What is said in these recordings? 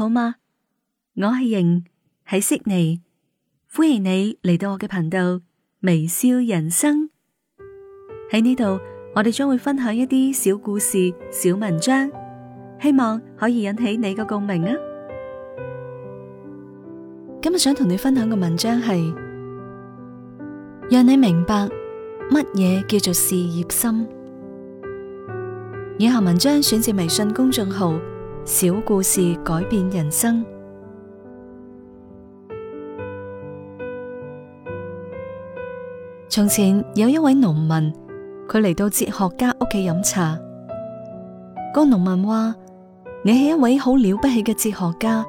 好嗎？我係瑩，喺悉尼，歡迎你嚟到我嘅頻道微笑人生。喺呢度，我哋將會分享一啲小故事、小文章，希望可以引起你嘅共鳴啊！今日想同你分享嘅文章係，讓你明白乜嘢叫做事業心。以下文章選自微信公眾號。小故事改變人生。從前有一位農民，佢嚟到哲學家屋企飲茶。個農民話：你係一位好了不起嘅哲學家，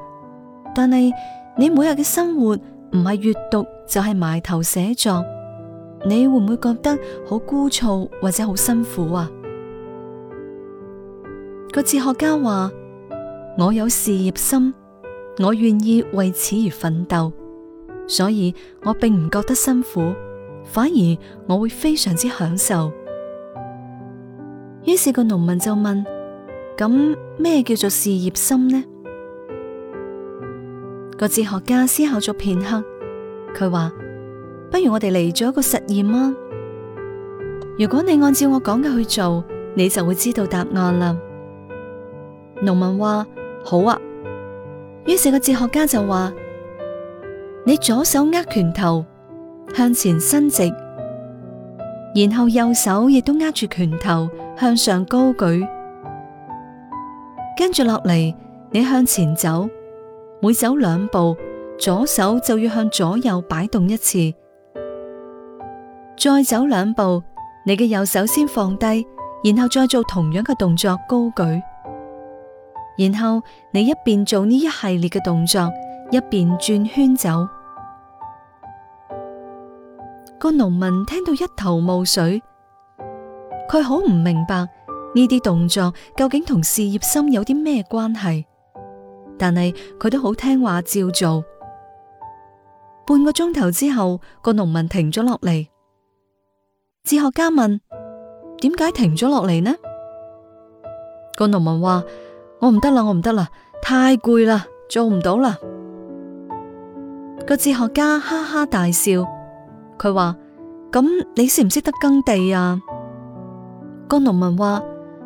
但係你每日嘅生活唔係閱讀就係埋頭寫作，你會唔會覺得好枯燥或者好辛苦啊？個哲學家話。我有事業心，我願意為此而奮鬥，所以我並唔覺得辛苦，反而我會非常之享受。於是個農民就問：咁咩叫做事業心呢？個哲學家思考咗片刻，佢話：不如我哋嚟做一個實驗啊！如果你按照我講嘅去做，你就會知道答案啦。農民話。好啊，於是個哲學家就話：你左手握拳頭向前伸直，然後右手亦都握住拳頭向上高舉。跟住落嚟，你向前走，每走兩步，左手就要向左右擺動一次。再走兩步，你嘅右手先放低，然後再做同樣嘅動作高舉。然後你一邊做呢一系列嘅動作，一邊轉圈走。個農民聽到一頭霧水，佢好唔明白呢啲動作究竟同事業心有啲咩關係，但係佢都好聽話照做。半個鐘頭之後，個農民停咗落嚟。哲學家問：點解停咗落嚟呢？個農民話。我唔得啦，我唔得啦，太攰啦，做唔到啦。個哲學家哈哈大笑，佢話：咁你識唔識得耕地啊？個農民話：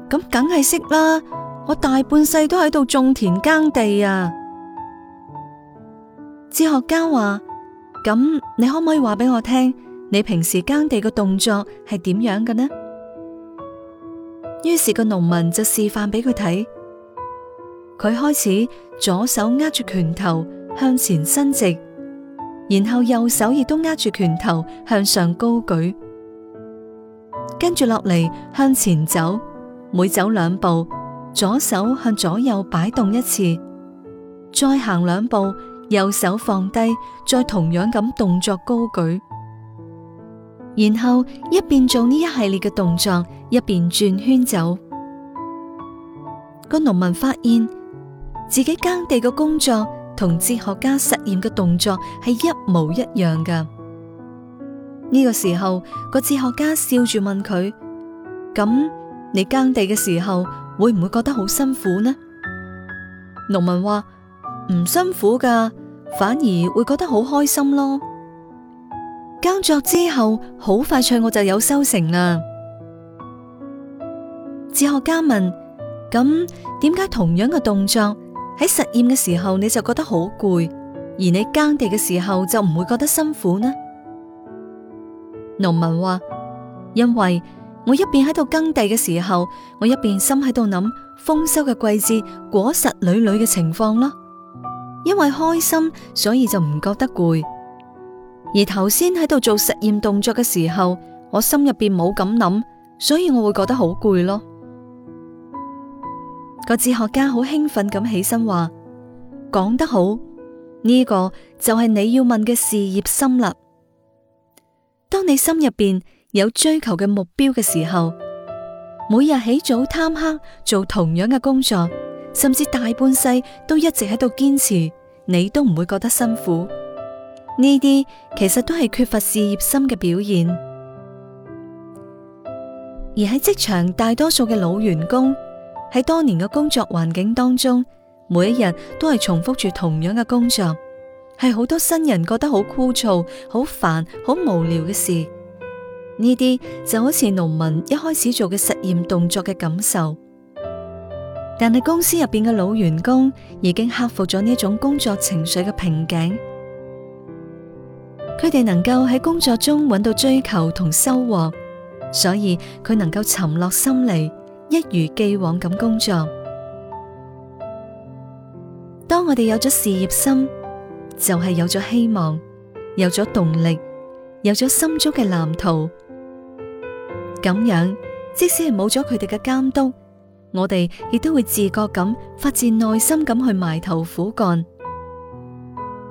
咁梗係識啦，我大半世都喺度種田耕地啊。哲學家話：咁你可唔可以話俾我聽，你平時耕地個動作係點樣嘅呢？於是個農民就示範俾佢睇。佢開始左手握住拳頭向前伸直，然後右手亦都握住拳頭向上高舉，跟住落嚟，向前走，每走兩步，左手向左右擺動一次，再行兩步，右手放低，再同樣咁動作高舉，然後一邊做呢一系列嘅動作，一邊轉圈走。個農民發現。自己耕地嘅工作同哲學家實驗嘅動作係一模一樣噶。呢個時候，個哲學家笑住問佢：咁你耕地嘅時候會唔會覺得好辛苦呢？農民話：唔辛苦噶，反而會覺得好開心咯。耕作之後好快脆我就有收成啦。哲學家問：咁點解同樣嘅動作？喺實驗嘅時候你就覺得好攰，而你耕地嘅時候就唔會覺得辛苦呢？農民話：因為我一邊喺度耕地嘅時候，我一邊心喺度諗豐收嘅季節、果實纍纍嘅情況咯。因為開心，所以就唔覺得攰。而頭先喺度做實驗動作嘅時候，我心入邊冇咁諗，所以我會覺得好攰咯。個哲學家好興奮咁起身話：講得好，呢個就係你要問嘅事業心啦。當你心入邊有追求嘅目標嘅時候，每日起早貪黑做同樣嘅工作，甚至大半世都一直喺度堅持，你都唔會覺得辛苦。呢啲其實都係缺乏事業心嘅表現，而喺職場大多數嘅老員工。喺多年嘅工作環境當中，每一日都係重複住同樣嘅工作，係好多新人覺得好枯燥、好煩、好無聊嘅事。呢啲就好似農民一開始做嘅實驗動作嘅感受。但係公司入邊嘅老員工已經克服咗呢種工作情緒嘅瓶頸，佢哋能夠喺工作中揾到追求同收穫，所以佢能夠沉落心嚟，一如既往咁工作。當我哋有咗事業心，就係有咗希望，有咗動力，有咗心中嘅藍圖。咁樣，即使係冇咗佢哋嘅監督，我哋亦都會自覺咁，發自內心咁去埋頭苦幹。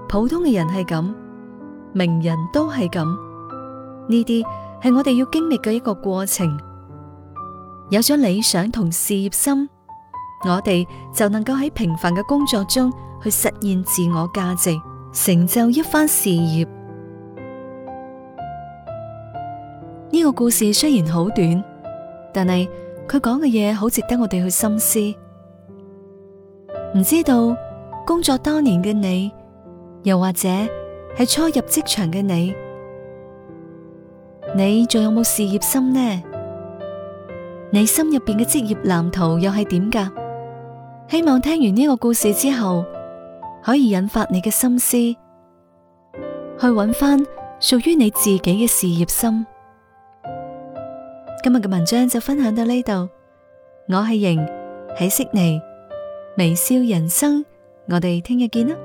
普通嘅人係咁，名人都係咁。呢啲係我哋要經歷嘅一個過程。有咗理想同事業心，我哋就能夠喺平凡嘅工作中去實現自我價值，成就一番事業。呢個故事雖然好短，但係佢講嘅嘢好值得我哋去深思。唔知道工作多年嘅你，又或者係初入職場嘅你，你仲有冇事業心呢？你心入邊嘅職業藍圖又係點㗎？希望聽完呢個故事之後，可以引發你嘅心思，去揾返屬於你自己嘅事業心。今日嘅文章就分享到呢度，我係瑩，喺悉尼微笑人生，我哋聽日見啦。